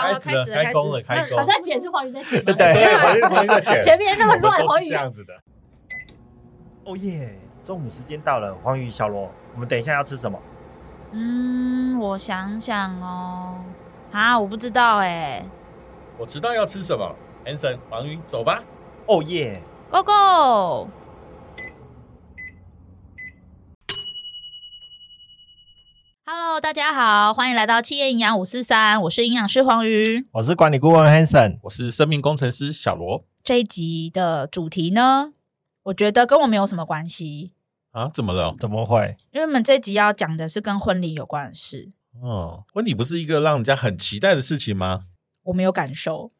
開始了，開工了，開工！好像剪是黃宇在剪， 對，前面那麼亂，黃宇 是這樣子的。哦耶 ，oh、yeah, 中午時間到了，黃宇、小羅，我們等一下要吃什麼？嗯，我想想哦，啊，我不知道哎、欸，我知道要吃什麼，Anson，黃宇，走吧。哦耶、oh、yeah.，Go Go！大家好，歡迎來到《企業營養五四三》，我是營養師黃瑜，我是管理顧問 Hanson，我是生命工程師小羅。這一集的主題呢，我覺得跟我沒有什麼關係啊。怎麼了？怎麼會？因為我們這一集要講的是跟婚禮有關的事。嗯、哦，婚禮不是一個讓人家很期待的事情嗎？我沒有感受。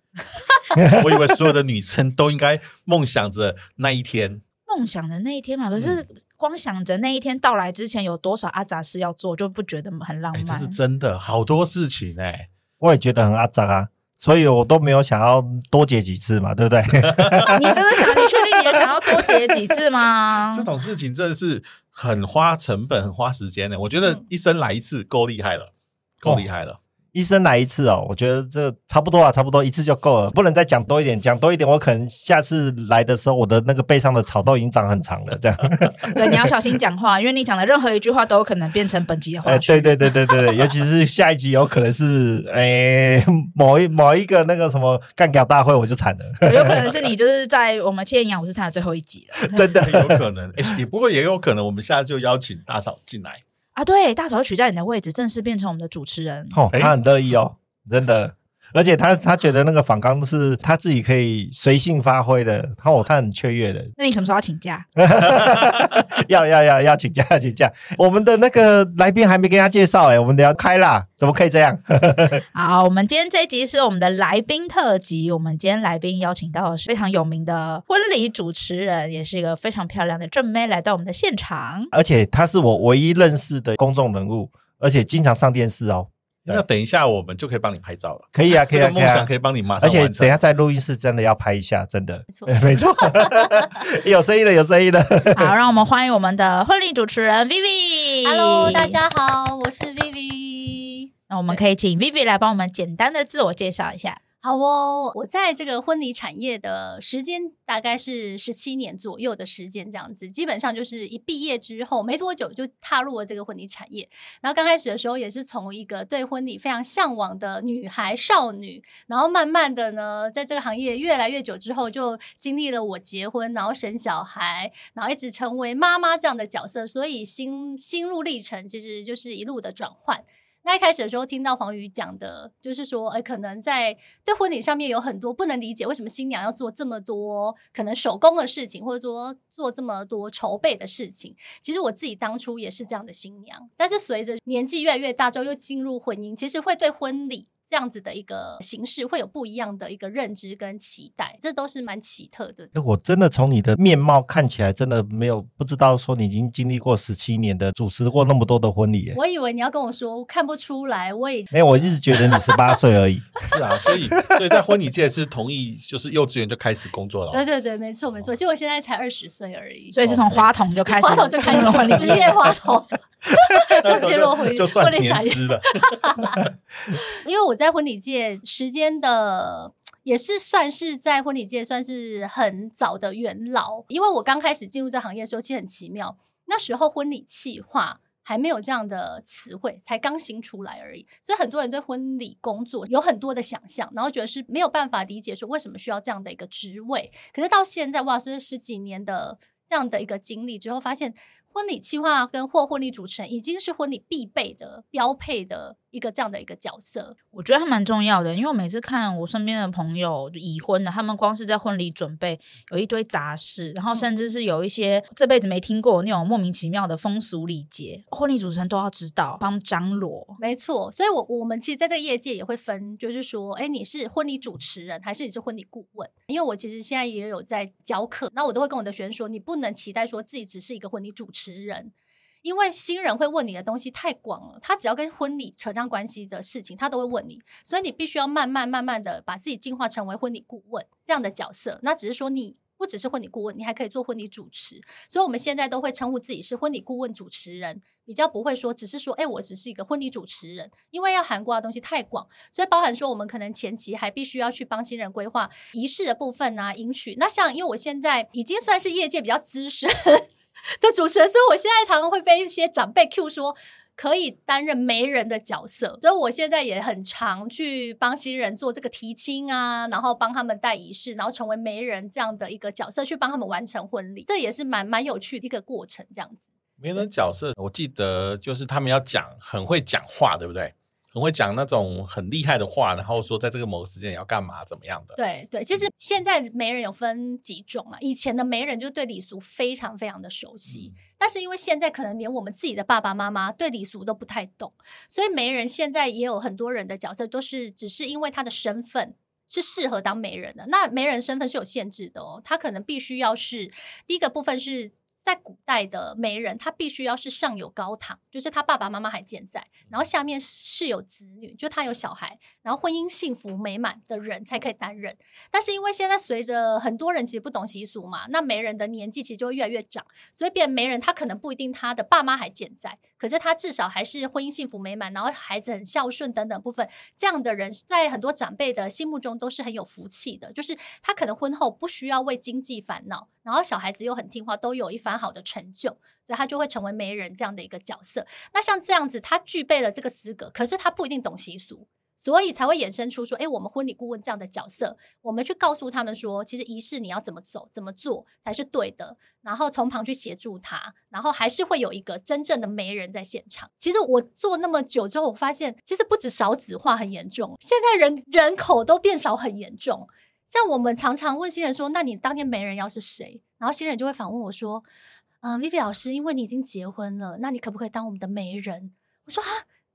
我以為所有的女生都應該夢想着那一天，夢想的那一天嘛。可、就是、嗯。光想着那一天到來之前有多少阿雜事要做，就不覺得很浪漫。欸、這是真的，好多事情哎，欸，我也覺得很阿雜啊，所以我都沒有想要多結幾次嘛，對不對？ 你真的想？你確定你也想要多結幾次嗎？ 這種事情真的是很花成本、很花時間的，欸。我覺得一生來一次夠厲害了，嗯，夠厲害了。哦一生來一次哦，我覺得這差不多啊差不多一次就夠了，不能再講多一點，講多一點我可能下次來的時候，我的那個背上的草都已經長很長了，這樣。對，你要小心講話， 因為你講的任何一句話都有可能變成本集的話。話、呃。對,對對對對對，尤其是下一集有可能是哎、 欸、某一某一個那個什麼幹掉大會，我就慘了。有可能是你就是在我們七營養我是慘的最後一集了， 真的 有可能。哎，也不過也有可能我們現在就邀請大嫂進來。啊，對，大嫂取代你的位置，正式變成我們的主持人。哦，他很樂意哦，真的。而且他他覺得那個訪綱，是他自己可以隨性發揮的，然後我看很雀躍的。那你什麼時候要請假？ 要要要要請假要請假！我們的那個來賓還沒跟他介紹哎、欸，我們得要開啦，怎麼可以這樣？ 好，我們今天這一集是我們的來賓特輯。我們今天來賓邀請到的是非常有名的婚禮主持人，也是一個非常漂亮的正妹，來到我們的現場。而且她是我唯一認識的公眾人物，而且經常上電視哦。那對等一下，我們就可以幫你拍照了。可以啊，可以啊，夢想可以幫你馬上。而且等一下在錄音室真的要拍一下，真的。沒錯，沒錯，有聲音了，有聲音了。好，讓我們歡迎我們的婚禮主持人 Vivi。Hello，大家好，我是 Vivi。 那我們可以請 Vivi 來幫我們簡單的自我介紹一下。好哦，oh, 我在這個婚禮產業的時間大概是十七年左右的時間，這樣子，基本上就是一畢業之後沒多久就踏入了這個婚禮產業。然後剛開始的時候也是從一個對婚禮非常向往的女孩少女，然後慢慢的呢，在這個行業越來越久之後，就經歷了我結婚，然後生小孩，然後一直成為媽媽這樣的角色，所以心心路歷程其實就是一路的轉換。在開始的時候，聽到黃宇講的，就是說，哎、欸，可能在對婚禮上面有很多不能理解，為什麼新娘要做這麼多可能手工的事情，或者說做這麼多籌備的事情。其實我自己當初也是這樣的新娘，但是隨着年紀越來越大，之後又進入婚姻，其實會對婚禮這樣子的一個形式，會有不一樣的一個認知跟期待，這都是蠻奇特的。我真的從你的面貌看起來，真的沒有不知道說你已經經歷過十七年的主持過那麼多的婚禮、欸。我以為你要跟我說，我看不出來，我也沒有、欸，我一直覺得你十八歲而已。 是啊，所以所以在婚禮界是同意就是幼稚園就開始工作了、哦。 對對對，沒錯沒錯，結果現在才二十歲而已，所以是從花童、okay. 花童就開始，花童 就開始婚禮，職業花童， 就進入婚姻。就算。 因為我。在婚禮界，時間的也是算是在婚禮界算是很早的元老。因為我剛開始進入這行業的時候，其實很奇妙，那時候婚禮企劃還沒有這樣的詞彙，才剛新出來而已。所以很多人對婚禮工作有很多的想象，然後覺得是沒有辦法理解說為什麼需要這樣的一個職位。可是到現在，哇，所以十幾年的這樣的一個經歷之後，發現婚禮企劃跟或婚禮主持人已經是婚禮必備的標配的。一個這樣的一個角色，我覺得還蠻重要的，因為我每次看我身邊的朋友，已婚的，他們光是在婚禮準備有一堆雜事，然後甚至是有一些、嗯、這輩子沒聽過那種莫名其妙的風俗禮節，婚禮主持人都要知道幫張羅。沒錯，所以我，我我們其實在這個業界也會分，就是說，哎，你是婚禮主持人，還是你是婚禮顧問？因為我其實現在也有在教課，那我都會跟我的學生說，你不能期待說自己只是一個婚禮主持人。因為新人會問你的東西太廣了，他只要跟婚禮扯上關係的事情，他都會問你，所以你必須要慢慢慢慢的把自己進化成為婚禮顧問這樣的角色。那只是說你不只是婚禮顧問，你還可以做婚禮主持。所以我們現在都會稱呼自己是婚禮顧問主持人，比較不會說只是說，哎、欸，我只是一個婚禮主持人。因為要涵蓋的東西太廣，所以包含說我們可能前期還必須要去幫新人規劃儀式的部分啊，迎娶。那像因為我現在已經算是業界比較資深。的主持人，所以我現在常常會被一些長輩 Q 說可以擔任媒人的角色，所以我現在也很常去幫新人做這個提親啊，然後幫他們帶儀式，然後成為媒人這樣的一個角色，去幫他們完成婚禮，這也是蠻蠻有趣的一個過程，這樣子。媒人角色，我記得就是他們要講很會講話，對不對？會講那種很厲害的話，然後說在這個某個時間你要幹嘛怎麼樣的？對對，其實現在媒人有分幾種了啊。以前的媒人就對禮俗非常非常的熟悉，嗯，但是因為現在可能連我們自己的爸爸媽媽對禮俗都不太懂，所以媒人現在也有很多人的角色都是只是因為他的身份是適合當媒人的。那媒人身份是有限制的哦，他可能必須要是第一個部分是，在古代的媒人，他必須要是上有高堂，就是他爸爸媽媽還健在，然後下面是有子女，就他有小孩，然後婚姻幸福美滿的人才可以擔任。但是因為現在隨着很多人其實不懂習俗嘛，那媒人的年紀其實就會越來越長，所以變媒人他可能不一定他的爸媽還健在。可是他至少還是婚姻幸福美滿，然後孩子很孝順等等部分，這樣的人在很多長輩的心目中都是很有福氣的。就是他可能婚後不需要為經濟煩惱，然後小孩子又很聽話，都有一番好的成就，所以他就會成為媒人這樣的一個角色。那像這樣子，他具備了這個資格，可是他不一定懂習俗。所以才會衍生出說，哎、欸，我們婚禮顧問這樣的角色，我們去告訴他們說，其實儀式你要怎麼走、怎麼做才是對的，然後從旁去協助他，然後還是會有一個真正的媒人在現場。其實我做那麼久之後，我發現其實不止少子化很嚴重，現在人人口都變少很嚴重。像我們常常問新人說，那你當天媒人要是誰？然後新人就會反問我說，嗯、呃、Vivi 老師，因為你已經結婚了，那你可不可以當我們的媒人？我說啊。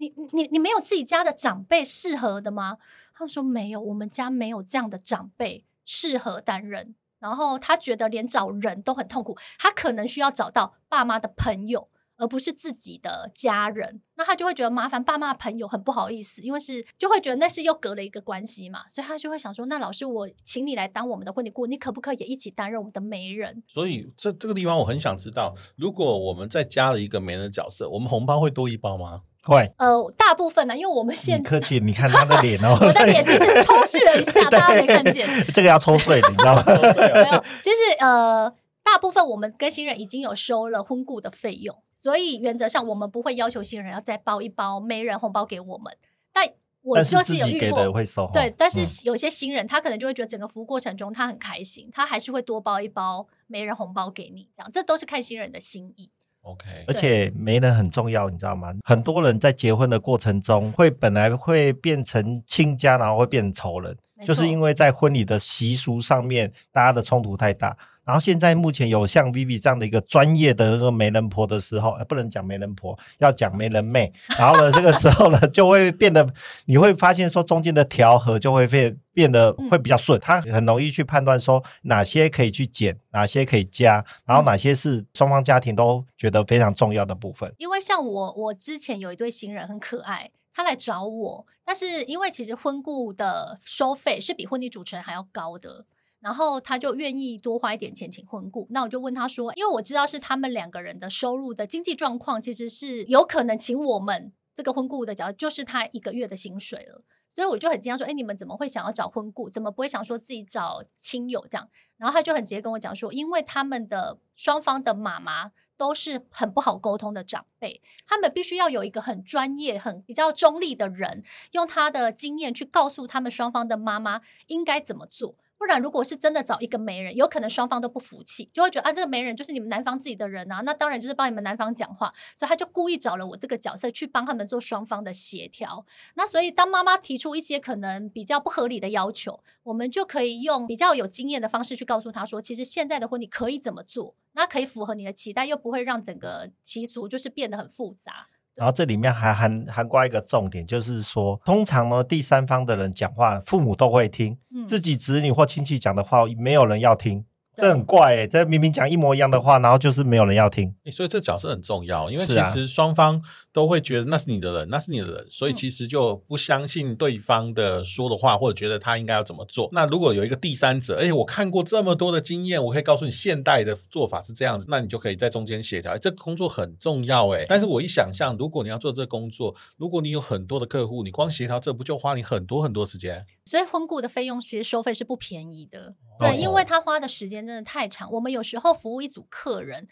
你你你沒有自己家的長輩適合的嗎？他們說沒有，我們家沒有這樣的長輩適合擔任。然後他覺得連找人都很痛苦，他可能需要找到爸媽的朋友，而不是自己的家人。那他就會覺得麻煩爸媽朋友很不好意思，因為是就會覺得那是又隔了一個關係嘛，所以他就會想說：那老師，我請你來當我們的婚禮顧問，你可不可以也一起擔任我們的媒人？所以這這個地方我很想知道，如果我們再加了一個媒人的角色，我們紅包會多一包嗎？會，呃，大部分呢，因為我們現在客氣，你看他的臉哦， 我的臉其實抽搐了一下， 對大家沒看見，這個要抽稅，你知道嗎？ 哦、 沒有，其實呃，大部分我們跟新人已經有收了婚顧的費用，所以原則上我們不會要求新人要再包一包媒人紅包給我們。但我就是有遇過，給的對，但是有些新人他可能就會覺得整個服務過程中他很開心，嗯、他還是會多包一包媒人紅包給你，這樣，這都是看新人的心意。OK，而且媒人很重要，你知道嗎？對 很多人在結婚的過程中，會本來會變成親家，然後會變成仇人，沒錯 就是因為在婚禮的習俗上面，大家的衝突太大。然後現在目前有像 Vivi 這樣的一個專業的一個媒人婆的時候，呃，不能講媒人婆，要講媒人妹。然後呢， 這個時候呢，就會變得，你會發現說中間的調和就會變變得會比較順，嗯、他很容易去判斷說哪些可以去減，哪些可以加，然後哪些是雙方家庭都覺得非常重要的部分。因為像我，我之前有一對新人很可愛，他來找我，但是因為其實婚顧的收費是比婚禮主持人還要高的。然後他就願意多花一點錢請婚顧，那我就問他說：“因為我知道是他們兩個人的收入的經濟狀況，其實是有可能請我們這個婚顧的假如，只就是他一個月的薪水了。”所以我就很驚訝說：“哎、欸，你們怎麼會想要找婚顧？怎麼不會想說自己找親友這樣？”然後他就很直接跟我講說：“因為他們的雙方的媽媽都是很不好溝通的長輩，他們必須要有一個很專業、很比較中立的人，用他的經驗去告訴他們雙方的媽媽應該怎麼做。”不然，如果是真的找一個媒人，有可能雙方都不服氣，就會覺得啊，這個媒人就是你們男方自己的人啊，那當然就是幫你們男方講話，所以他就故意找了我這個角色去幫他們做雙方的協調。那所以當媽媽提出一些可能比較不合理的要求，我們就可以用比較有經驗的方式去告訴他說，其實現在的婚禮可以怎麼做，那可以符合你的期待，又不會讓整個習俗就是變得很複雜。然後這裡面還含含括一個重點，就是說，通常呢第三方的人講話，父母都會聽；嗯、自己子女或親戚講的話，沒有人要聽，嗯、這很怪哎、欸！這明明講一模一樣的話，然後就是沒有人要聽。所以這角色很重要，因為其實雙方、啊。都會覺得那是你的人，那是你的人，所以其實就不相信對方的說的話，或者覺得他應該要怎麼做。那如果有一個第三者，哎，我看過這麼多的經驗，我可以告訴你，現代的做法是這樣子，那你就可以在中間協調。這個工作很重要欸，哎。但是我一想象，如果你要做這個工作，如果你有很多的客戶，你光協調這不就花你很多很多時間？所以婚顧的費用其實收費是不便宜的，對，因為他花的時間真的太長。我們有時候服務一組客人。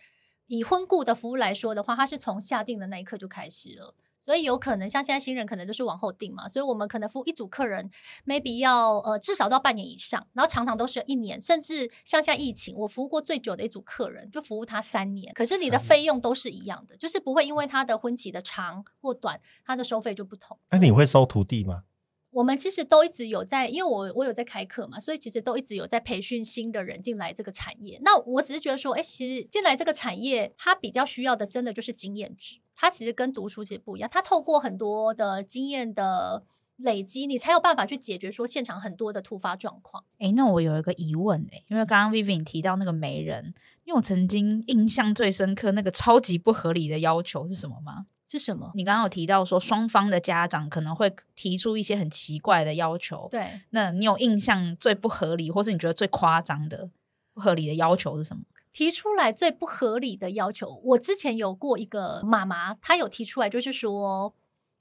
以婚顧的服務來說的話，它是從下定的那一刻就開始了，所以有可能像現在新人可能就是往後定嘛，所以我們可能服務一組客人，maybe 要呃至少到半年以上，然後常常都是一年，甚至像現在疫情，我服務過最久的一組客人就服務他三年，可是你的費用都是一樣的，年就是不會因為他的婚期的長或短，他的收費就不同。那、啊、你會收徒弟嗎？我們其實都一直有在，因為我我有在開課嘛，所以其實都一直有在培訓新的人進來這個產業。那我只是覺得說，哎、欸，其實進來這個產業，他比較需要的，真的就是經驗值。他其實跟讀書其實不一樣，他透過很多的經驗的累積，你才有辦法去解決說現場很多的突發狀況。哎、欸，那我有一個疑問，欸，因為剛剛 Vivian 提到那個媒人，因為我曾經印象最深刻那個超級不合理的要求是什麼嗎？是什麼？你剛剛有提到說，雙方的家長可能會提出一些很奇怪的要求。對，那你有印象最不合理，或是你覺得最誇張的不合理的要求是什麼？提出來最不合理的要求，我之前有過一個媽媽，她有提出來，就是說，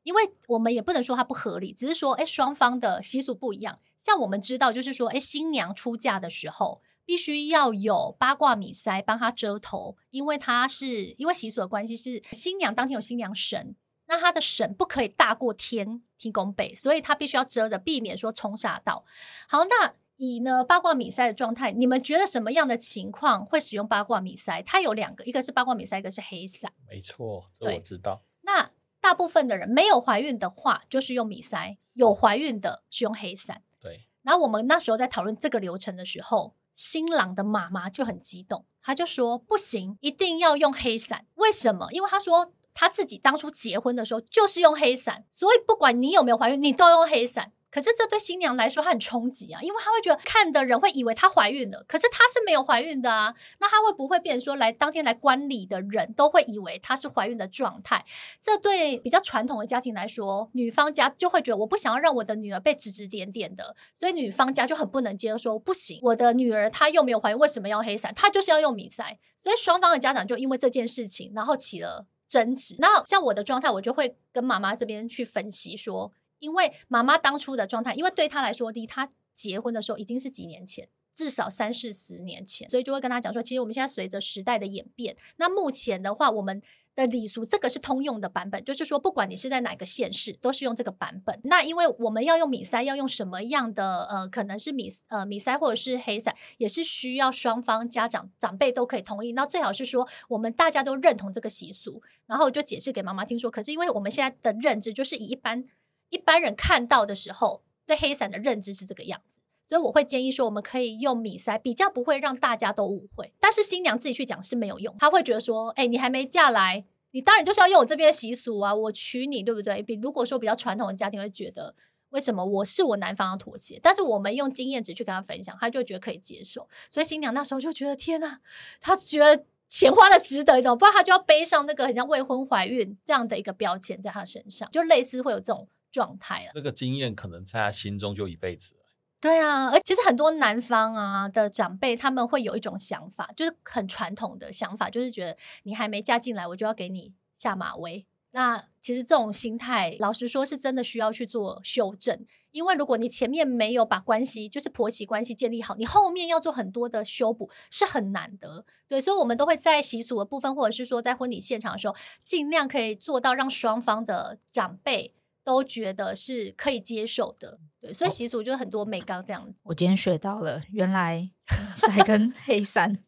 因為我們也不能說她不合理，只是說，誒，雙方的習俗不一樣。像我們知道，就是說，誒，新娘出嫁的時候。必須要有八卦米篩幫他遮頭，因為他是因為習俗的關係，是新娘當天有新娘神，那他的神不可以大過天，天公伯，所以他必須要遮着，避免說沖煞到。好，那以呢八卦米篩的狀態，你們覺得什麼樣的情況會使用八卦米篩？它有兩個，一個是八卦米篩，一個是黑傘。沒錯，這我知道。那大部分的人沒有懷孕的話，就是用米篩；有懷孕的是用黑傘，嗯。對。然後我們那時候在討論這個流程的時候。新郎的媽媽就很激動，他就說：“不行，一定要用黑傘。為什麼？因為他說他自己當初結婚的時候就是用黑傘，所以不管你有沒有懷孕，你都要用黑傘。”可是這對新娘來說，她很衝擊啊，因為她會覺得看的人會以為她懷孕了，可是她是沒有懷孕的啊。那她會不會變成說，來當天來觀禮的人都會以為她是懷孕的狀態？這對比較傳統的家庭來說，女方家就會覺得我不想要讓我的女兒被指指點點的，所以女方家就很不能接受，不行，我的女兒她又沒有懷孕，為什麼要黑傘？她就是要用米塞，所以雙方的家長就因為這件事情，然後起了爭執。那像我的狀態，我就會跟媽媽這邊去分析說。因為媽媽當初的狀態，因為對她來說，離她結婚的時候已經是幾年前，至少三四十年前，所以就會跟她講說，其實我們現在隨着時代的演變，那目前的話，我們的禮俗這個是通用的版本，就是說，不管你是在哪個縣市，都是用這個版本。那因為我們要用米塞，要用什麼樣的呃，可能是米呃米塞或者是黑傘，也是需要雙方家長長輩都可以同意。那最好是說，我們大家都認同這個習俗，然後就解釋給媽媽聽說。可是因為我們現在的認知，就是以一般。一般人看到的時候，對黑傘的認知是這個樣子，所以我會建議說，我們可以用米塞比較不會讓大家都誤會。但是新娘自己去講是沒有用，她會覺得說：“哎、欸，你還沒嫁來，你當然就是要用我這邊的習俗啊，我娶你，對不對？”比如果說比較傳統的家庭會覺得，為什麼我是我男方要妥協？但是我們用經驗值去跟他分享，他就覺得可以接受。所以新娘那時候就覺得天吶，她覺得錢花的值得，一種不然她就要背上那個很像未婚懷孕這樣的一個標籤在她身上，就類似會有這種。狀態啊，這個經驗可能在他心中就一輩子了。對啊，而其實很多男方啊的長輩，他們會有一種想法，就是很傳統的想法，就是覺得你還沒嫁進來，我就要給你下馬威。那其實這種心態，老實說是真的需要去做修正，因為如果你前面沒有把關係，就是婆媳關係建立好，你後面要做很多的修補是很難的。對，所以，我們都會在習俗的部分，或者是說在婚禮現場的時候，儘量可以做到讓雙方的長輩。都覺得是可以接受的，對，所以習俗就很多美高這樣子。哦，我今天學到了，原來是還跟黑山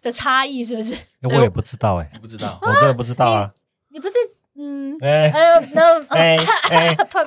的差異，是不是？那 我也不知道。欸，哎，不知道， 啊、我真的不知道啊。欸、你不是？嗯、哎哎呦 no 哎哎，差點被嗆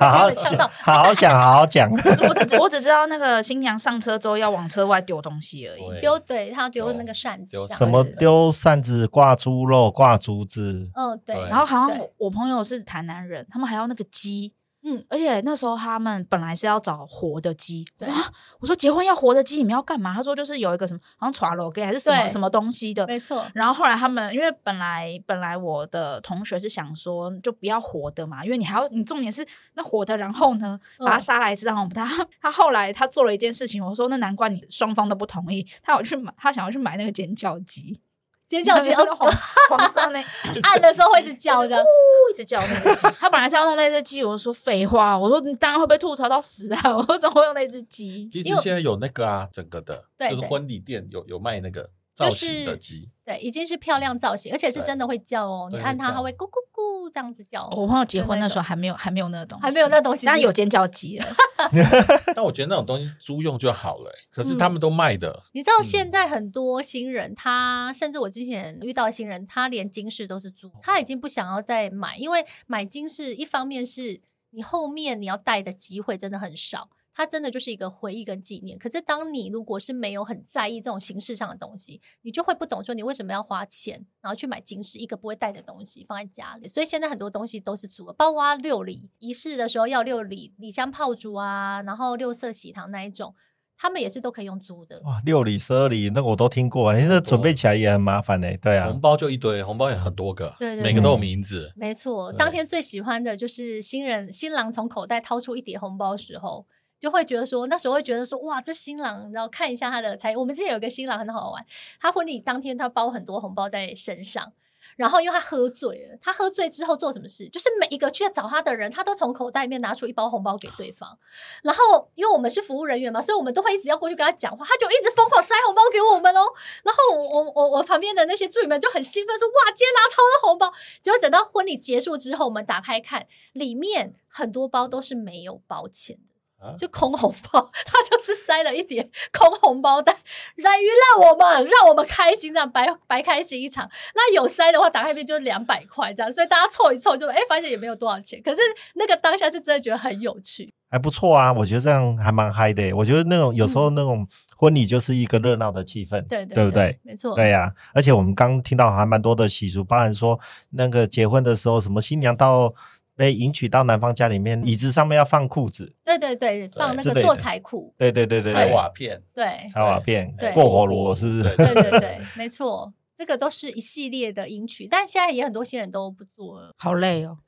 到，好好講， 好好講。我只， 我，只我只知道那個新娘上車之後要往車外丟東西而已對，丟對他要丟那個扇子、子，什麼丟扇子掛豬肉掛竹子，嗯對，然後好像我我朋友是台南人，他們還要那個雞。嗯，而且那時候他們本來是要找活的雞，對啊，我說結婚要活的雞，你們要幹嘛？他說就是有一個什麼好像 t u 給還是什麼對什麼東西的，沒錯。然後後來他們因為本來本來我的同學是想說就不要活的嘛，因為你還要你重點是那活的，然後呢把它殺來是讓我們他、哦、他後來他做了一件事情，我說那難怪你雙方都不同意，他要去買，他想要去買那個尖叫雞。尖叫雞那個黃，黃色呢，的按的時候會一直叫的，嗚，一直叫，一直叫那隻雞。 他本來是要弄那隻雞，我說廢話，我說你當然會被吐槽到死啊！我說怎麼會用那隻雞？其實現在有那個啊，為整個的，對對對，就是婚禮店有有賣那個。.就是、造型的雞對，已經是漂亮造型，而且是真的會叫哦。對你按它，它對會咕咕咕，咕這樣子叫、哦。我朋友結婚那，那時候還沒有，還沒有那個東西。還沒有那東西，那有尖叫雞 但我覺得那種東西租用就好了、欸，可是他們都賣的。嗯嗯、你知道現在很多新人，他甚至我之前遇到新人，他連金飾都是租，哦、他已經不想要再買，因為買金飾一方面是你後面你要戴的機會真的很少。它真的就是一個回憶跟紀念。可是，當你如果是沒有很在意這種形式上的東西，你就會不懂說你為什麼要花錢，然後去買金飾，一個不會戴的東西放在家裡。所以現在很多東西都是租的，包括啊，六禮儀式的時候要六禮禮香炮竹啊，然後六色喜糖那一種，他們也是都可以用租的。哇，六禮十二禮那個我都聽過、欸，那準備起來也很麻煩哎、欸，對啊，紅包就一堆，紅包也很多個，對，對，對，對，對每個都有名字。沒錯，對，當天最喜歡的就是新人新郎從口袋掏出一疊紅包的時候。就會覺得說，那時候會覺得說，哇，這新郎，然後看一下他的才。我們之前有個新郎很好玩，他婚禮當天他包很多紅包在身上，然後因為他喝醉了，他喝醉之後做什麼事？就是每一個去找他的人，他都從口袋裡面拿出一包紅包給對方。好然後，因為我們是服務人員嘛，所以我們都會一直要過去跟他講話，他就一直瘋狂塞紅包給我們哦。然後我我我我旁邊的那些助理們就很興奮說，哇，今天拿超多紅包。結果等到婚禮結束之後，我們打開看，裡面很多包都是沒有包錢的。就空紅包，他就是塞了一點空紅包袋來娛樂我們，讓我們開心這樣白白開心一場。那有塞的話，打開面就兩百塊這樣，所以大家湊一湊就，就哎，反正也沒有多少錢。可是那個當下是真的覺得很有趣，還不錯啊，我覺得這樣還蠻嗨的、欸。我覺得那種有時候那種婚禮就是一個熱鬧的氣氛，嗯、對，對，對對不對？沒錯，對呀、啊。而且我們剛聽到還蠻多的習俗，包含說那個結婚的時候什麼新娘到。被迎娶到男方家裡面，椅子上面要放褲子，對對對，放那個做財庫，對對對對對，踩瓦片，對，踩瓦片，過火爐是不是？對對對，沒錯，這個都是一系列的迎娶，但現在也很多新人都不做了，好累哦，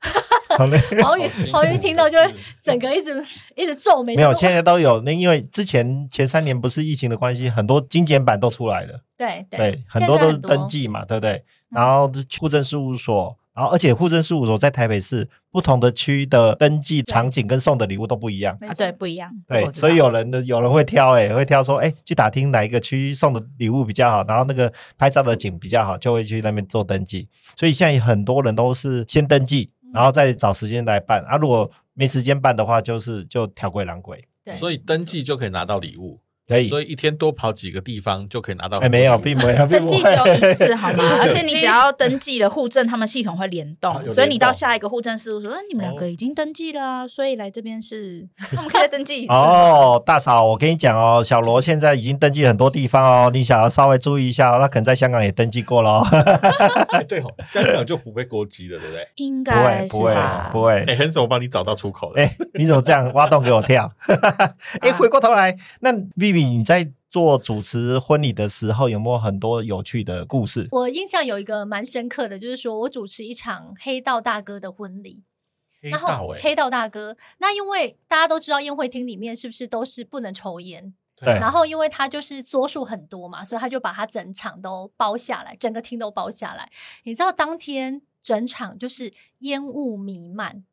好累，好遠，好遠，聽到就整個一直一直皺眉，沒有，現在都有，那因為之前前三年不是疫情的關係，很多精簡版都出來了，對對，很多都是登記嘛，對不對？然後戶政事務所。然後，而且身，戶政事務所在台北市不同的區的登記場景跟送的禮物都不一樣啊，對，對，不一樣，對，嗯、所、以所以有人有人會挑、欸，哎，會挑說，哎、欸，去打聽哪一個區送的禮物比較好，然後那個拍照的景比較好，就會去那邊做登記。所以現在很多人都是先登記，然後再找時間來辦、嗯、啊。如果沒時間辦的話，就是就挑鬼兩鬼。對，所以登記就可以拿到禮物。所以一天多跑幾個地方就可以拿到。哎，沒有，並沒有。登記只有一次，好嗎？而且你只要登記了戶政，他們系統會聯動，所以你到下一個戶政事務所，你們兩個已經登記了，所以來這邊是，我們可以再登記一次。哦，大嫂，我跟你講哦，小羅現在已經登記很多地方哦，你想要稍微注意一下，那可能在香港也登記過了。對哦，香港就不會過機了，對不對？應該是不會，不會。哎，很少我幫你找到出口了。哎，你怎麼這樣挖洞給我跳？哎，回過頭來，那你在做主持婚禮的時候，有沒有很多有趣的故事？我印象有一個蠻深刻的就是說，我主持一場黑道大哥的婚禮，黑道、欸、然後黑道大哥。那因為大家都知道宴會廳裡面是不是都是不能抽煙？對。然後因為他就是桌數很多嘛，所以他就把他整場都包下來，整個廳都包下來。你知道當天整場就是煙霧瀰漫，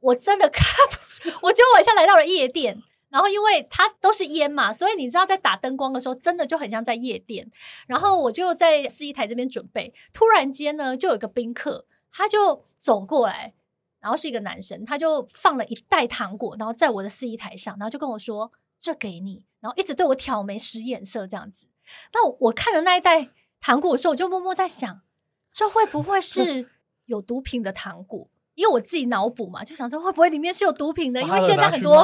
我真的看不出。我覺得我一下來到了夜店。然後因為它都是煙嘛，所以你知道在打燈光的時候，真的就很像在夜店。然後我就在司儀台這邊準備，突然間呢，就有一個賓客，他就走過來，然後是一個男生，他就放了一袋糖果，然後在我的司儀台上，然後就跟我說：“這給你。”然後一直對我挑眉、使眼色這樣子。那我，我看着那一袋糖果的時候，我就默默在想，這會不會是有毒品的糖果？因為我自己腦補嘛，就想說會不會裡面是有毒品的？了因為現在很多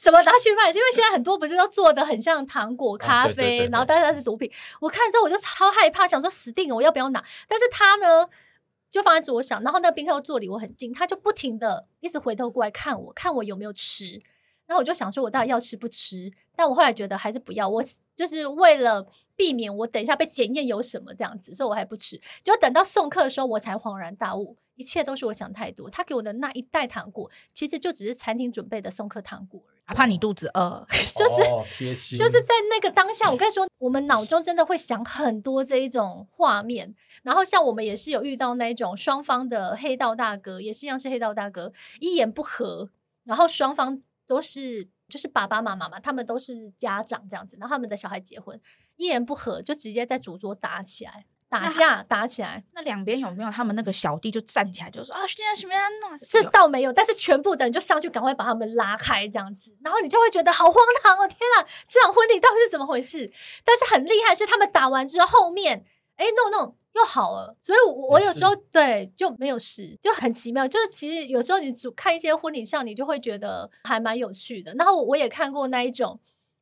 什麼拿去賣， 因為現在很多不是都做得很像糖果、啊、咖啡，然後但是它是毒品。我看之後我就超害怕，想說死定了，我要不要拿？但是他呢，就放在桌上，然後那個賓客又坐離我很近，他就不停地一直回頭過來看我，看我有沒有吃。然後我就想說，我到底要吃不吃？但我後來覺得還是不要。我就是為了避免我等一下被檢驗有什麼這樣子，所以我還不吃。就等到送客的時候，我才恍然大悟，一切都是我想太多。他給我的那一袋糖果，其實就只是餐廳準備的送客糖果。哪怕你肚子餓，哦、 就是貼心。就是在那個當下，我跟你說，我們腦中真的會想很多這一種畫面。然後，像我們也是有遇到那一種雙方的黑道大哥，也是一樣是黑道大哥，一言不合，然後雙方。都是就是爸爸媽媽嘛，他們都是家長這樣子，然後他們的小孩結婚，一言不合就直接在主桌打起來，打架他打起來。那兩邊有沒有他們那個小弟就站起來就說 啊，是這樣什麼樣？ 這倒沒有，但是全部的人就上去趕快把他們拉開這樣子，然後你就會覺得好荒唐哦、喔，天啊，這場婚禮到底是怎麼回事？但是很厲害是他們打完之後後面，哎、欸、，no no。就好了，所以我有時候是對就沒有事，就很奇妙。就是其實有時候你主看一些婚禮上，你就會覺得還蠻有趣的。然後我也看過那一種，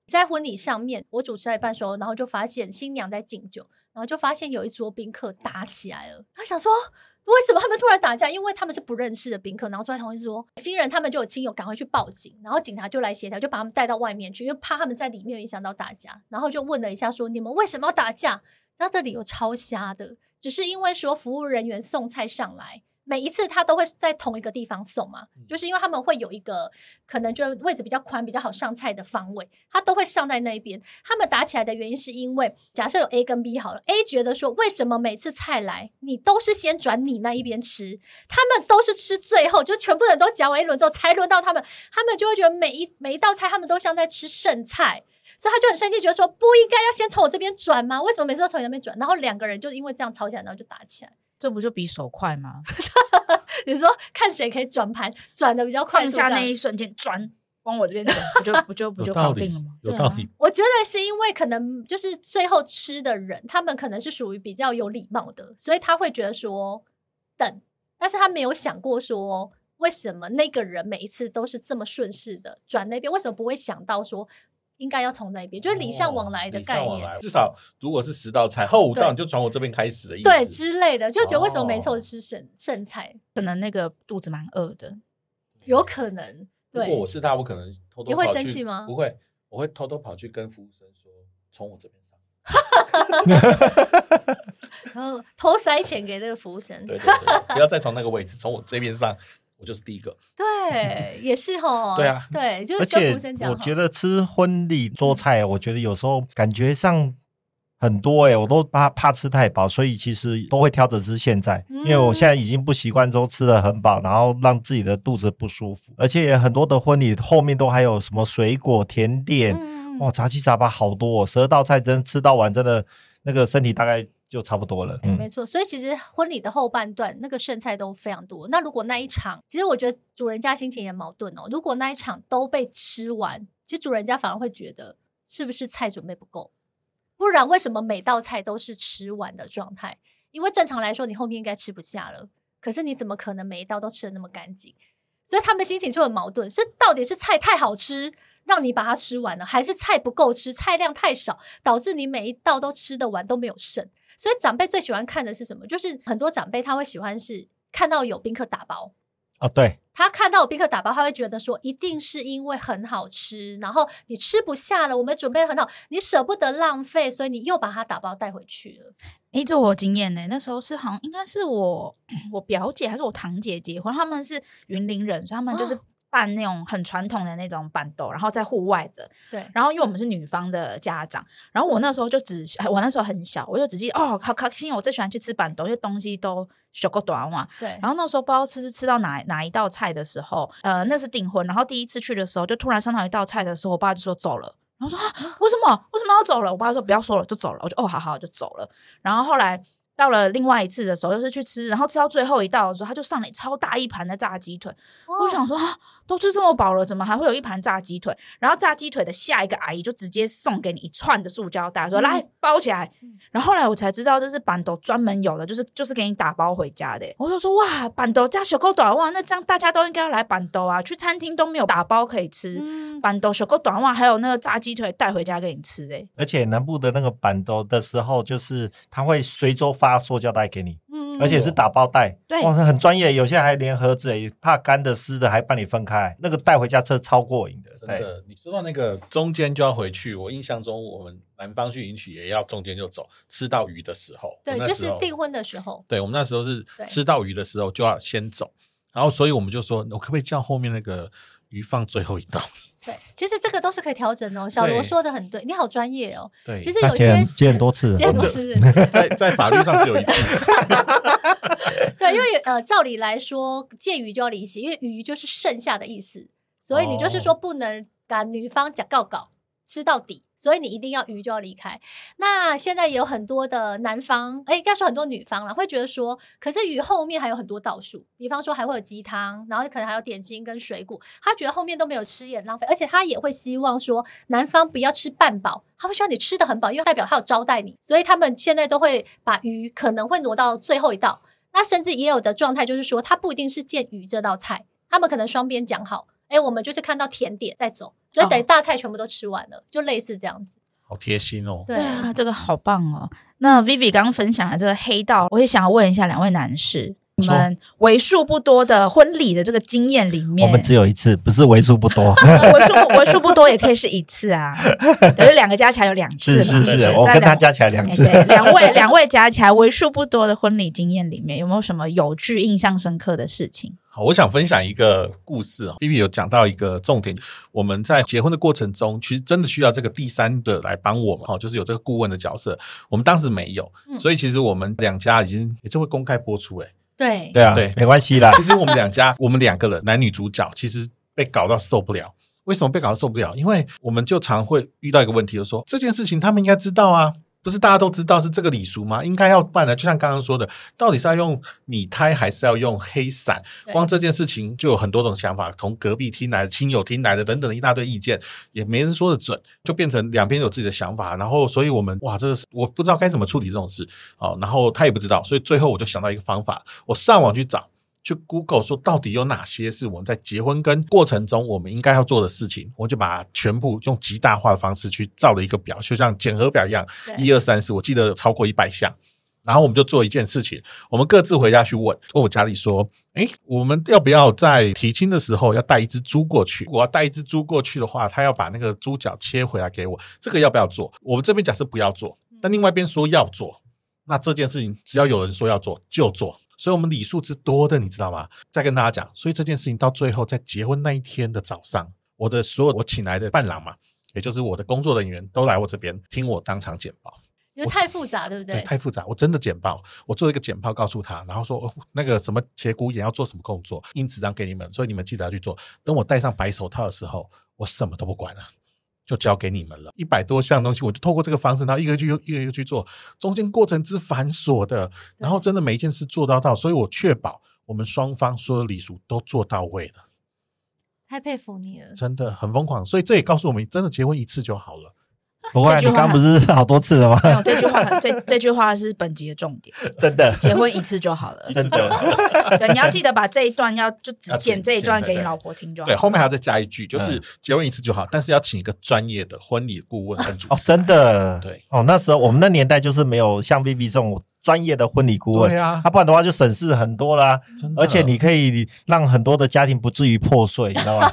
在婚禮上面我主持一半時候，然後就發現新娘在敬酒，然後就發現有一桌賓客打起來了。他想說。為什麼他們突然打架？因為他們是不認識的賓客，然後坐在同桌新人，他們就有親友趕快去報警，然後警察就來協調，就把他們帶到外面去，因為怕他們在裡面影響到大家。然後就問了一下說，說你們為什麼要打架？然後這裡有超瞎的，只是因為說服務人員送菜上來。每一次他都會在同一個地方送嘛，就是因為他們會有一個可能就位置比較寬、比較好上菜的方位，他都會上在那一邊。他們打起來的原因是因為，假設有 A 跟 B 好了，A 覺得說，為什麼每次菜來你都是先轉你那一邊吃，他們都是吃最後，就全部人都夾完一輪之後才輪到他們，他們就會覺得每一每一道菜他們都像在吃剩菜，所以他就很生氣，覺得說不應該要先從我這邊轉嗎？為什麼每次都從你那邊轉？然後兩個人就因為這樣吵起來，然後就打起來。這不就比手快嗎？ 你說看誰可以轉盤轉得比較快，放下那一瞬間轉往我這邊轉， 不就不就不就搞定了嗎？有道理。嗎 我覺得是因為可能就是最後吃的人，他們可能是屬於比較有禮貌的，所以他會覺得說等，但是他沒有想過說為什麼那個人每一次都是這麼順勢的轉那邊，為什麼不會想到說？應該要從那邊，就是禮尚往來的概念、哦。至少如果是十道菜，後五道你就從我這邊開始的意思，對，對之類的，就覺得為什麼每次我吃剩剩菜？哦、可能那個肚子蠻餓的，有可能。對如果我是他，我可能偷偷跑去，你會生氣嗎？不會，我會偷偷跑去跟服務生說，從我這邊上， 然後偷塞錢給那個服務生，對對對不要再從那個位置，從我這邊上。我就是第一個，對，也是吼， 對啊，對，就是。而且我覺得吃婚禮做菜，我覺得有時候感覺上很多哎、欸，我都怕怕吃太飽，所以其實都會挑着吃現在，嗯、因為我現在已經不習慣說吃得很飽，然後讓自己的肚子不舒服。而且很多的婚禮後面都還有什麼水果甜點，哇、嗯哦，雜七雜八好多、哦，十二道菜真吃到完真的那個身體大概。就差不多了，嗯、沒錯。所以其實婚禮的後半段那個剩菜都非常多。那如果那一場，其實我覺得主人家心情也矛盾哦。如果那一場都被吃完，其實主人家反而會覺得是不是菜準備不夠？不然為什麼每道菜都是吃完的狀態？因為正常來說你後面應該吃不下了，可是你怎麼可能每一道都吃得那麼乾淨？所以他們心情就很矛盾，是到底是菜太好吃？讓你把它吃完了，還是菜不夠吃，菜量太少，導致你每一道都吃得完，都沒有剩。所以長輩最喜歡看的是什麼？就是很多長輩他會喜歡是看到有賓客打包啊，哦，對，他看到有賓客打包，他會覺得說一定是因為很好吃，然後你吃不下了，我們準備得很好，你捨不得浪費，所以你又把它打包帶回去了。哎，這我有經驗呢。那時候是好像應該是我我表姐還是我堂姐結婚，他們是雲林人，所以他們就是、哦。辦那種很傳統的那種辦桌，然後在戶外的。對。然後因為我們是女方的家長，嗯、然後我那時候就只，我那時候很小，我就只記哦，好開心，我最喜歡去吃辦桌，因為東西都小個短嘛。對。然後那時候不知道吃吃吃到哪哪一道菜的時候，呃，那是訂婚，然後第一次去的時候，就突然上到一道菜的時候，我爸就說走了，然後說、啊、為什麼為什麼要走了？我爸說不要說了就走了，我就哦好好就走了，然後後來。到了另外一次的時候，又、就是去吃，然後吃到最後一道的時候，他就上了超大一盤的炸雞腿。Oh. 我想說啊，都吃這麼飽了，怎麼還會有一盤炸雞腿？然後炸雞腿的下一個阿姨就直接送給你一串的塑膠袋，說、嗯、來包起來。嗯、然後後來我才知道，這是辦桌專門有的，就是就是給你打包回家的。我就說哇，辦桌加雪糕短襪，那這樣大家都應該要來辦桌啊！去餐廳都沒有打包可以吃，辦、嗯、桌雪糕短襪還有那個炸雞腿帶回家給你吃的。而且南部的那個辦桌的時候，就是它會隨桌發塑膠袋給你，嗯，而且是打包袋，嗯、哇對，哇，很專業，有些還連盒子，怕乾的濕的還幫你分開，那個帶回家吃超過癮的，真的。對你說到那個中間就要回去，我印象中我們南方去迎娶也要中間就走，吃到魚的時候，對，就是訂婚的時候，對，我們那時候是吃到魚的時候就要先走，然後所以我們就說我可不可以叫後面那個。魚放最後一道，對，其實這個都是可以調整哦。小羅說得很對，對你好專業哦。對其實有些借很多次，借多次，在在法律上只有一次。 對，因為呃，照理來說，見魚就要離席，因為魚就是剩下的意思，所以你就是說不能把女方講告告吃到底。所以你一定要魚就要離開。那現在也有很多的男方，哎、欸，應該說，很多女方了，會覺得說，可是魚後面還有很多道數，比方說還會有雞湯，然後可能還有點心跟水果，他覺得後面都沒有吃也浪費，而且他也會希望說男方不要吃半飽，他會希望你吃的很飽，因為代表他有招待你，所以他們現在都會把魚可能會挪到最後一道，那甚至也有的狀態就是說，他不一定是見魚這道菜，他們可能雙邊講好。哎、欸，我們就是看到甜點再走，所以等於大菜全部都吃完了，哦、就類似這樣子。好貼心哦，對啊，這個好棒哦。那 Vivi 剛剛分享的這個黑道，我也想要問一下兩位男士。我們為數不多的婚禮的這個經驗裡面，我們只有一次，不是為數不多， 為數為數不多也可以是一次啊。等於兩個加起來有兩次，是是是，是兩我跟他加起來兩次。兩、哎、位兩位加起來為數不多的婚禮經驗裡面，有沒有什麼有趣、印象深刻的事情？好，我想分享一個故事啊、哦。Vivi 有講到一個重點，我們在結婚的過程中，其實真的需要這個第三的來幫我們哦，就是有這個顧問的角色。我們當時沒有，所以其實我們兩家已經也就會公開播出、欸。誒對對啊，對，沒關係啦。其實我們兩家， 我們兩個人，男女主角，其實被搞到受不了。為什麼被搞到受不了？因為我們就常會遇到一個問題，就說這件事情他們應該知道啊。不是大家都知道是這個禮俗嗎？應該要辦的，就像剛剛說的，到底是要用米篩，還是要用黑傘？對光這件事情就有很多種想法，從隔壁聽來的、親友聽來的等等的一大堆意見，也沒人說得準，就變成兩邊有自己的想法。然後，所以我們哇，真的是我不知道該怎麼處理這種事哦，然後他也不知道，所以最後我就想到一個方法，我上網去找。去 Google 說，到底有哪些是我們在結婚跟過程中我們應該要做的事情？我們就把它全部用極大化的方式去造了一個表，就像檢核表一樣，一，對，一二三四，我記得超過一百項。然後我們就做一件事情，我們各自回家去問，問我家裡說，欸，哎，我們要不要在提親的時候要帶一隻豬過去？我要帶一隻豬過去的話，他要把那個豬腳切回來給我，這個要不要做？我們這邊假設不要做，但另外一邊說要做，那這件事情只要有人說要做，就做。所以我們禮數之多的，你知道嗎？再跟大家講，所以這件事情到最後，在結婚那一天的早上，我的所有我請來的伴郎嘛，也就是我的工作人員，都來我這邊聽我當場簡報。因為太複雜，對不我對？對太複雜，我真的簡報，我做一個簡報，告訴他，然後說、哦、那個什麼節骨眼要做什麼工作，印紙張給你們，所以你們記得要去做。等我戴上白手套的時候，我什麼都不管了、啊。就交給你們了，一百多項東西，我就透過這個方式，然後一個一個去一個一個去做，中間過程之繁瑣的，然後真的每一件事做到到，所以我確保我們雙方所有的禮數都做到位了。太佩服你了，真的很瘋狂，所以這也告訴我們，真的結婚一次就好了。不會、啊，你剛，剛不是好多次了嗎？沒有這句話， 這這句話是本集的重點。 真的，結婚一次就好了。 真的， 對，你要記得把這一段要就只剪這一段請給你老婆聽就好嘿嘿嘿，對。對，後面還要再加一句，就是結婚一次就好，嗯、但是要請一個專業的婚禮顧問哦，真的，對，哦，那時候我們那年代就是沒有像 Vivi 這種。專業的婚禮顧問，對啊，他、啊、不然的話就省事很多啦，的哦、而且你可以讓很多的家庭不至於破碎，你知道嗎？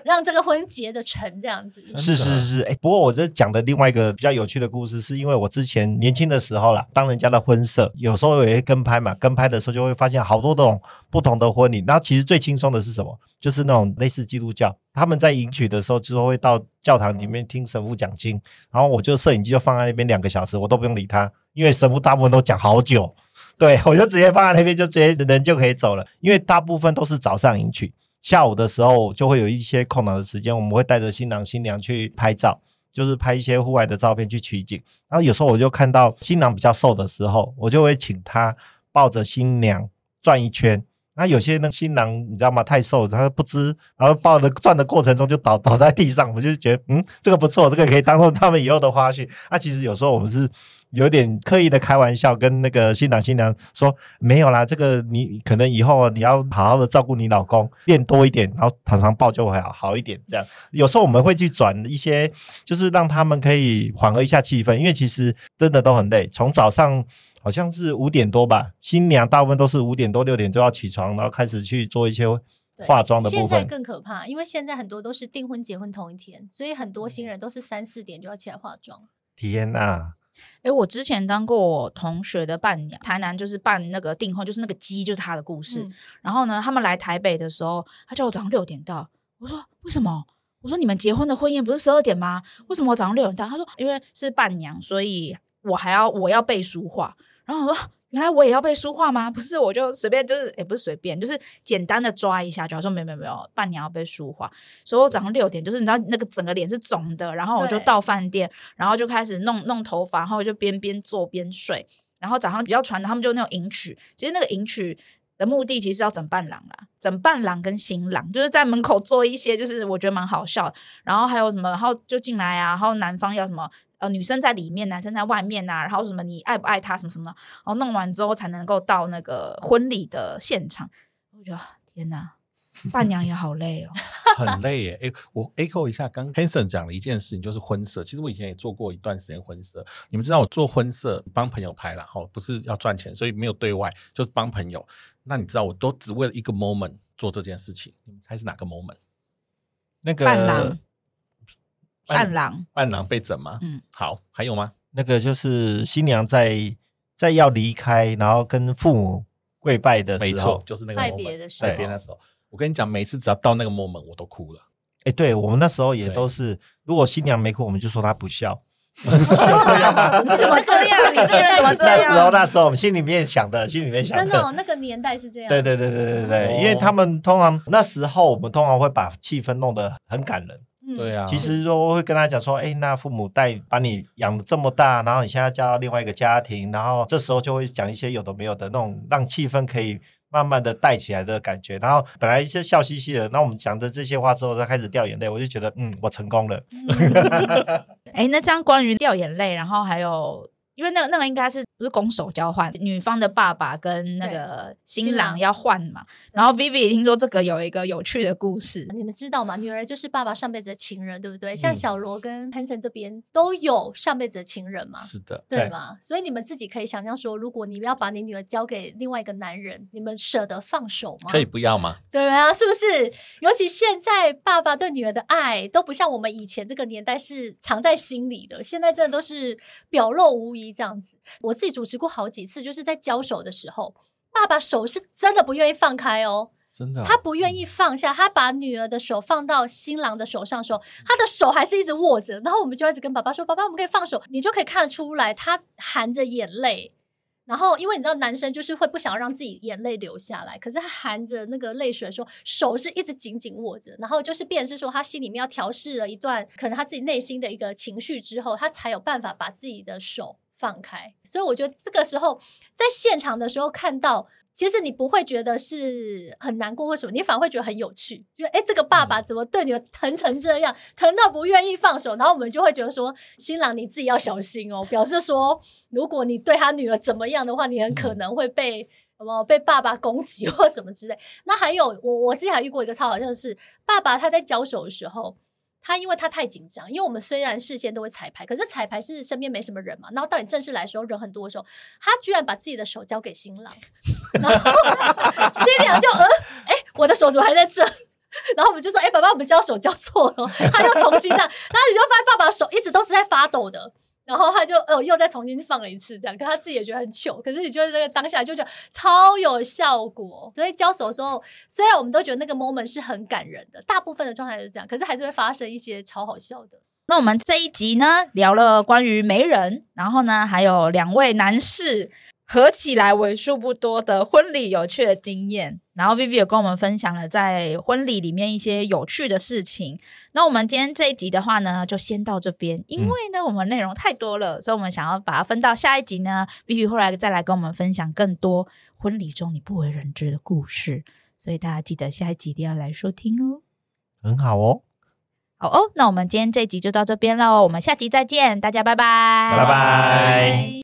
讓這個婚結得成這樣子。是是是、是、是、欸、不過我這講的另外一個比較有趣的故事，是因為我之前年輕的時候啦，當人家的婚攝，有時候也會跟拍嘛，跟拍的時候就會發現好多種不同的婚禮。那其實最輕鬆的是什麼？就是那種類似基督教，他們在迎娶的時候就會到教堂裡面聽神父講經，然後我就攝影機就放在那邊兩個小時，我都不用理他。因為神父大部分都講好久，對，我就直接放在那邊，就直接人就可以走了。因為大部分都是早上迎娶，下午的時候就會有一些空檔的時間，我們會帶着新郎新娘去拍照，就是拍一些戶外的照片去取景。然後有時候我就看到新郎比較瘦的時候，我就會請他抱着新娘轉一圈。那有些那新郎你知道嗎？太瘦了，他不知，然後抱着轉的過程中就倒倒在地上。我就覺得，嗯，這個不錯，這個可以當做他們以後的花絮啊。那其實有時候我們是有點刻意的開玩笑，跟那個新郎新娘說沒有啦，這個你可能以後你要好好的照顧你老公，練多一點，然後常常抱就會好好一點。這樣有時候我們會去轉一些，就是讓他們可以緩和一下氣氛，因為其實真的都很累，從早上。好像是五點多吧，新娘大部分都是五點多六點就要起床，然後開始去做一些化妝的部分。現在更可怕，因為現在很多都是訂婚結婚同一天，所以很多新人都是三四點就要起來化妝。嗯、天哪、啊！哎、欸，我之前當過我同學的伴娘，台南就是辦那個訂婚，就是那個雞，就是他的故事。嗯、然後呢，他們來台北的時候，他叫我早上六點到。我說為什麼？我說你們結婚的婚宴不是十二點嗎？為什麼我早上六點到？他說因為是伴娘，所以我還要我要背書話。然後我說，原來我也要被梳化嗎？不是，我就隨便就是，也不是隨便，就是簡單的抓一下。假如說，沒有沒有沒有，伴娘要被梳化。所以我早上六點，就是你知道那個整個臉是腫的，然後我就到飯店，然後就開始弄弄頭髮，然後就邊邊坐邊睡。然後早上比較傳他們就那種迎娶，其實那個迎娶的目的其實要整伴郎啦，整伴郎跟新郎，就是在門口做一些，就是我覺得蠻好笑。然後還有什麼？然後就進來啊，然後男方要什麼？女生在裡面，男生在外面啊，然後什麼你愛不愛他什麼什麼的，然後弄完之後才能夠到那個婚禮的現場。我覺得天吶，伴娘也好累哦， 很累耶。哎、欸，我 echo 一下，剛 Hanson 講了一件事情，就是婚攝。其實我以前也做過一段時間婚攝，你們知道我做婚攝幫朋友拍了，然後不是要賺錢，所以沒有對外，就是幫朋友。那你知道我都只為了一個 moment 做這件事情，你們猜是哪個 moment？那個伴郎。伴郎，伴郎狼被整嗎？嗯，好，還有嗎？那個就是新娘在在要離開，然後跟父母跪拜的時候，沒錯，就是那個 moment，拜別的時候。拜別的時候。對我跟你講，每次只要到那個 moment，我都哭了。誒、欸，對我們那時候也都是，對如果新娘沒哭，我們就說她不孝。 你怎麼這樣？你這個人怎麼這樣？ 那時候，那時候我們心裡面想的，心裡面想的。真的、哦，那個年代是這樣。對，對對對對對對對，嗯、因為他們通常那時候，我們通常會把氣氛弄得很感人。對啊，嗯、其實說我會跟他講說，誒、欸、那父母帶把你養的這麼大，然後你現在嫁到另外一個家庭，然後這時候就會講一些有的沒有的那種，讓氣氛可以慢慢的帶起來的感覺。然後本來一些笑嘻嘻的，那我們講的這些話之後，再開始掉眼淚，我就覺得，嗯，我成功了。誒、 欸、那這樣關於掉眼淚，然後還有。因為那個那個應該是不是拱手交換，女方的爸爸跟那個新郎要換嘛。然後 Vivi 也聽說這個有一個有趣的故事，你們知道嗎？女兒就是爸爸上輩子的情人，對不對？像小羅跟潘森這邊都有上輩子的情人嘛？嗯、對嗎？是的，對嗎？所以你們自己可以想象說，如果你要把你女兒交給另外一個男人，你們舍得放手嗎？可以不要嗎？對啊，是不是？尤其現在爸爸對女兒的愛都不像我們以前這個年代是藏在心裡的，現在真的都是表露無遺。這樣子，我自己主持過好幾次，就是在交手的時候，爸爸手是真的不願意放開哦、喔，真的、啊，他不願意放下，他把女兒的手放到新郎的手上的時候，他的手還是一直握着，然後我們就一直跟爸爸說：“爸爸，我們可以放手，你就可以看得出來，他含着眼淚，然後因為你知道男生就是會不想要讓自己眼淚流下來，可是他含着那個淚水說手是一直緊緊握着，然後就是變成是說他心裡面要調適了一段，可能他自己內心的一個情緒之後，他才有辦法把自己的手。放開，所以我覺得這個時候在現場的時候看到，其實你不會覺得是很難過，為什麼？你反而會覺得很有趣，就是，哎，這個爸爸怎麼對女兒疼成這樣，疼到不願意放手？然後我們就會覺得說，新郎你自己要小心哦，表示說，如果你對他女兒怎麼樣的話，你很可能會被什麼、嗯、被爸爸攻擊或什麼之類。那還有，我我自己還遇過一個超好笑的、就是，爸爸他在交手的時候。他因為他太緊張，因為我們雖然事先都會綵排，可是綵排是身邊沒什麼人嘛。然後到你正式來的時候人很多的時候，他居然把自己的手交給新郎，然後 新娘就呃，哎，我的手怎麼還在這？然後我們就說，哎，爸爸，我們交手交錯了，他又重新這樣。 然後你就發現爸爸的手一直都是在發抖的。然後他就呃又再重新放了一次，這樣，可他自己也覺得很糗。可是你就是那個當下就覺得超有效果，所以交手的時候，雖然我們都覺得那個 moment 是很感人的，大部分的狀態是這樣，可是還是會發生一些超好笑的。那我們這一集呢，聊了關於媒人，然後呢，還有兩位男士合起來為數不多的婚禮有趣的經驗。然後 Vivi 也跟我們分享了在婚禮裡面一些有趣的事情。那我們今天這一集的話呢，就先到這邊，因為呢，嗯、我們內容太多了，所以我們想要把它分到下一集呢。Vivi 後來再來跟我們分享更多婚禮中你不為人知的故事，所以大家記得下一集一定要來收聽哦。很好哦，好哦，那我們今天這一集就到這邊嘍，我們下集再見，大家拜拜，拜拜。